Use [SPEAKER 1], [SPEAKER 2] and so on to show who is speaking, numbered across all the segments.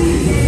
[SPEAKER 1] Thank you.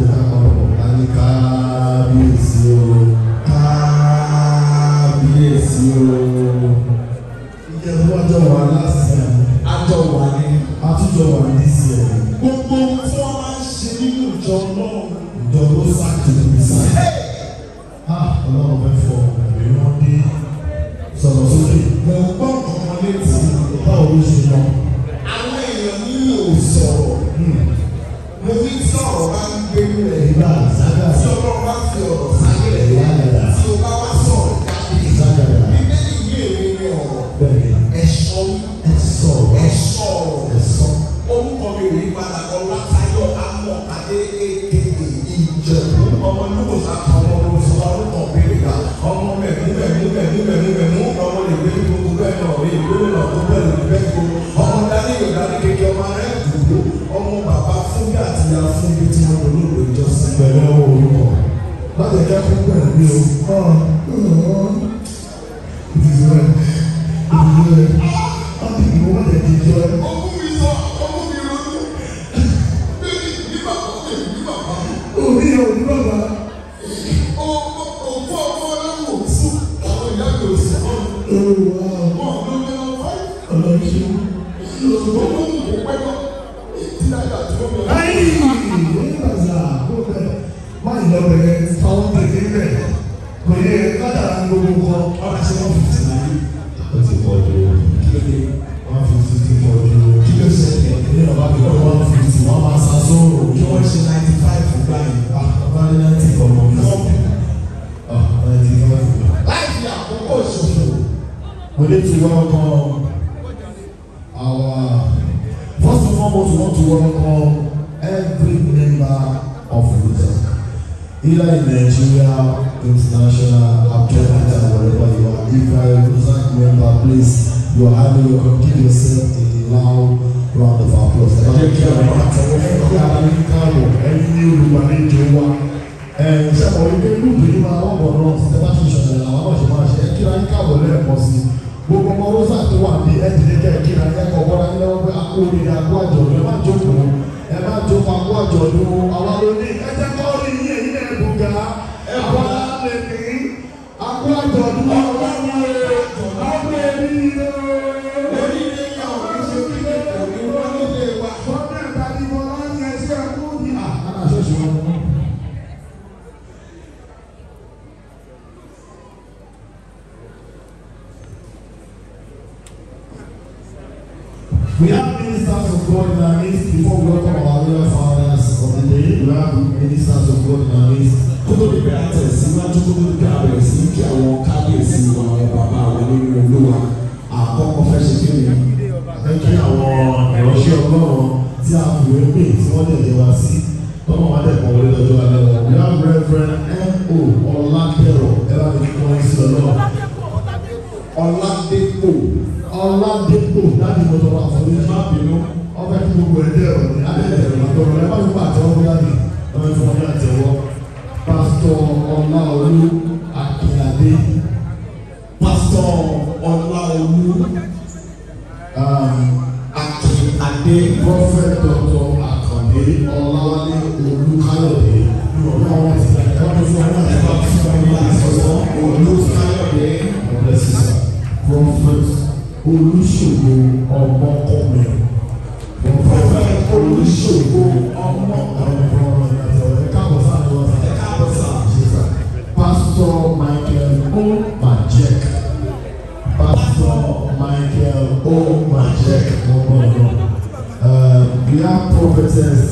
[SPEAKER 1] with us. jẹ̀bú ọmọ lúwò láti ọmọ ọmọ sọ ọmọ ọ̀bẹ̀rẹ̀gà ọmọ mẹ̀mú mẹ̀mú mẹ̀mú mẹ̀mú mẹ̀mú ọmọ lè gbé gbogbo bẹ́ẹ̀ náà rí ìgbéró náà tó bẹ́ẹ̀ lè bẹ́ẹ̀ gbó ọmọ dání ìdání kékeré ọmọ rẹ̀ dùdú ọmọ bàbá fún bí àti ya fún bí tí wọn lò lóògbé jọ sí pẹ̀lú ọwọ́ orúkọ. láti ẹ̀jẹ̀ fún pẹ̀lú o. We need to welcome our first and foremost, we want to welcome every member of Rita. Either in Nigeria, international, Afghanistan, wherever you are. If you are a Rita member, please, you are having your give yourself a loud round of applause. Thank you. Ẹ̀yin ni olùgbàlejò wa. Ẹ̀yin ṣe àwọn ilé ìlú ìlú máa ń bọ̀ náà. kórìíra kó àjọ you have ministers of God in our midst kó tó di pé a tẹ̀ sí kí àwọn kábíyèsí wa àwọn bàbá wa nínú olúwa àkọ́kọ́ fẹ́ ṣe kí ni ẹ kí àwọn ìránṣẹ́ ọlọ́run tí a fi wé pè tí wọ́n lè yẹ wá sí tọ́mọ̀ wá dẹ̀ kàn wọlé lọ́jọ́ wọn we have reverend M.O. Ọlákẹ́rọ ẹ bá mi kí wọ́n sí ọlọ́run Ọládépò Ọládépò láti mọ̀tò wà fún gbogbo ẹ̀ dẹ̀ alẹ́ dẹ̀ àtọ̀rọ̀ ẹ má fi pàtó ọ̀rẹ́ wọ́n fún ní àtẹ̀wọ́ pásítọ̀ ọláolú akínadé pásítọ̀ ọláolú um, akínadé prọfẹ̀tọ̀ says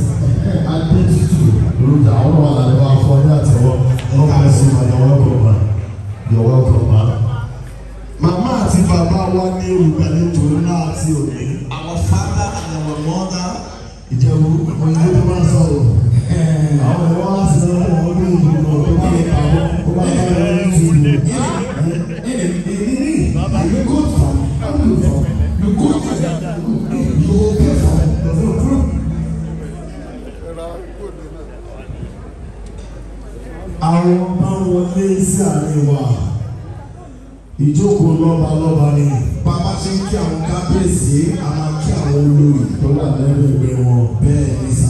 [SPEAKER 1] ògo lọ́ba lọ́ba ni. bàbá ṣe ń kí àwọn kábíyèsí a máa kí àwọn olórí tó wà lẹ́gbẹ̀ẹ́ wọn bẹ́ẹ̀ ní sà.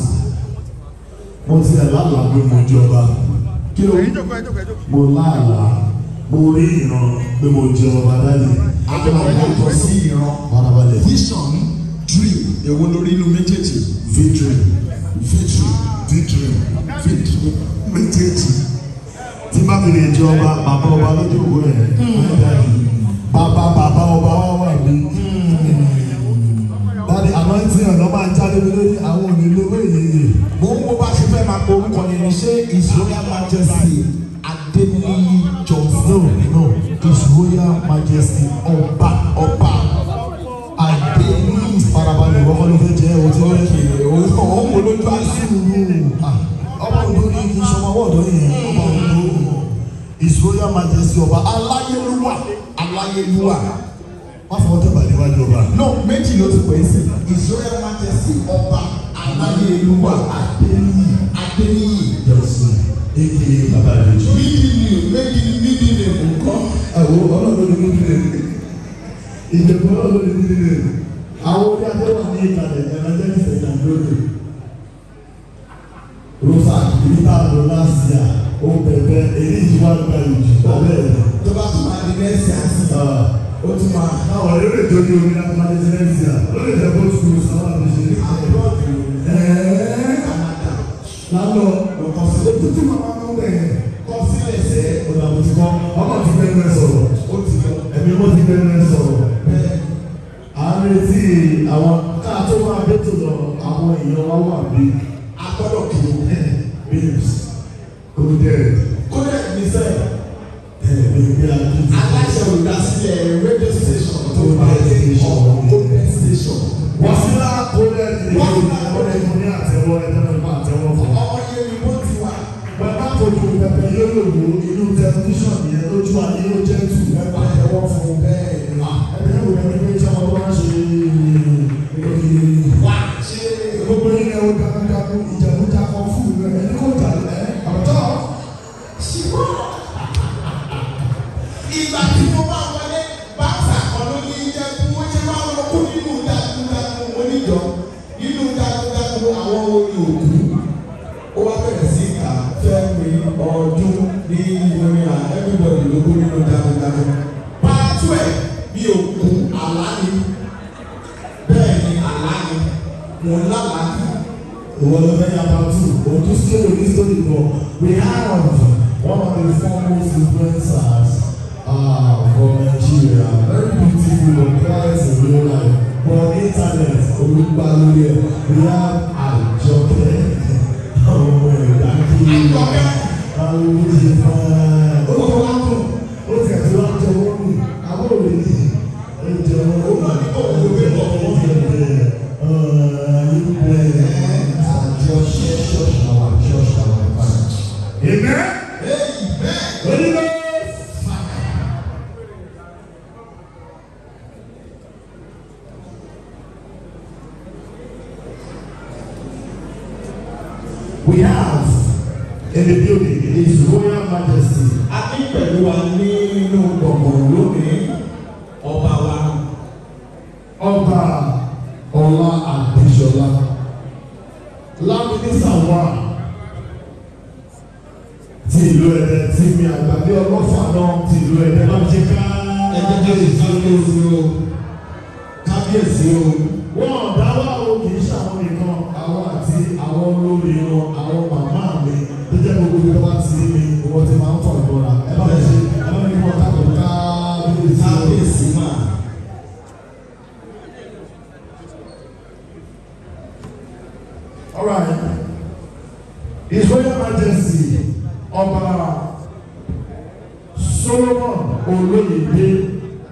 [SPEAKER 1] wọ́n ti ẹ̀ lálàá mo jọba. kí ló mo láàlàá mo rí ìran pé mo jẹ ọba dání. àgbà yàtọ̀ sí ìran vision dream èwo lórí inú méjèèjì. victory victory victory victory méjèèjì tí bá mi lè jẹ ọba bàbá ọba lójú òwúrọ̀ hmm. yẹn bàbá bàbá ọba wa wà ní. dáadé àmọ́ tí ọ̀nà máa ń jáde mi lórí àwọn ònílò wéyeye. mo ń wo bá ṣe fẹ́ máa orúkọ yẹn ní ṣé His Royal Majesty Adeniyi Johnson. no no His Royal Majesty ọba ọba Adeniyi farabalẹ̀ wọ́n ló fẹ́ jẹ́ òtí lẹ́kì òun kò ń polójú àṣìwò ọmọ òdòdó kì í ṣọmọ ọwọ́ ọ̀dọ́ yẹn ọmọ òdòdó his royal majesty ọba aláyélúwà aláyélúwà wọ́n fọwọ́ tẹ́ bàlẹ́ wájú ọba. no méjì ló ti pẹ́ sí his royal majesty ọba aláyélúwà adéníyì adéníyì jọ̀sùn èké bàbá rẹ̀ jù. bíbí ni méjì bíbí ni nǹkan. àwọn ọlọ́run ló ní bíbí rẹ̀ ìjọba ọlọ́run ló ní bíbí rẹ̀ àwọn orí adéwà ní ìkàlẹ̀ ẹ̀rọ jẹ́ ìṣẹ̀dá lóde. rosa ìbí tá a lọ láti yà èyí ti wá gba ìjì abẹ́ ẹ̀. tó bá tún máa di nẹ́ẹ̀sì àti ah, ó tún máa. àwọn ẹ̀rọ lè tó ní omi láti máa di nẹ́ẹ̀sì à ó lè jẹ́ kó sùn sáwọn àbíṣe. àbúrò ẹ̀ẹ́ kàmàdà. lálọ́ ọkọ̀ sílẹ̀ tó tún máa ń bẹ̀rẹ̀ kọ́ sílẹ̀ sẹ́ ọ̀làmùtìkọ́ ọmọ ti bẹ́ẹ̀ mẹ́ sọ̀rọ̀ ó ti lọ ẹ̀mí mọ́ ti bẹ́ẹ̀ mẹ́ sọ̀rọ̀ à ń retí àwọn káà tó máa dé tó lọ àwọn èèyàn wa wà bí akọ́dọ̀ kìlọ̀ bíi kò dẹ̀ ẹni sẹ ẹni bí a aláṣẹ olùdásílẹ̀ rédíò station tó bá yẹ ọ̀rọ̀ kódé station. wọ́n sí lá kódé ní kódé ní ní àtẹwọ́ ẹ̀dá nípa fún. ọyẹ ni wọ́n ti wà. bàbá tó pẹpẹ yóò lò wó inú tẹlifíṣàn yẹn lójú àyè ló jẹ́ tù. orin òkú ó wá bẹ̀rẹ̀ sí ìta fẹ́mi ọdún ní ìrìn à everybody lóko nínú dáadáa pàtó ẹ̀ bí òkú àlàní bẹ́ẹ̀ ni àlàní mò ń lálàní. ìwọ ló fẹ́ yà bá tù òun tún sọ̀rọ̀ ní sórí ìbọn we have one of the foremost influencers uh, from Nigeria very beautiful but quiet in real life but internet orúkọ alórí ẹ̀ ríà àjọkẹ́ ọmọ ìdájí alórí ti fún ẹ. ọba ọlá àdìsọlá lámínísà wà ti ìlú ẹ̀dẹ̀ tí mi àgbàdé ọlọ́fà náà ti ìlú ẹ̀dẹ̀ máa jẹ ká ẹ̀dẹ̀ kábíyèsí o kábíyèsí o wọ́n. olóyè dé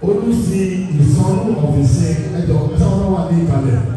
[SPEAKER 1] olùsí ìsọ̀rọ̀ ọ̀fìsì ẹ̀jọ̀ ẹ̀sán wọn wà ní ìkàlẹ̀.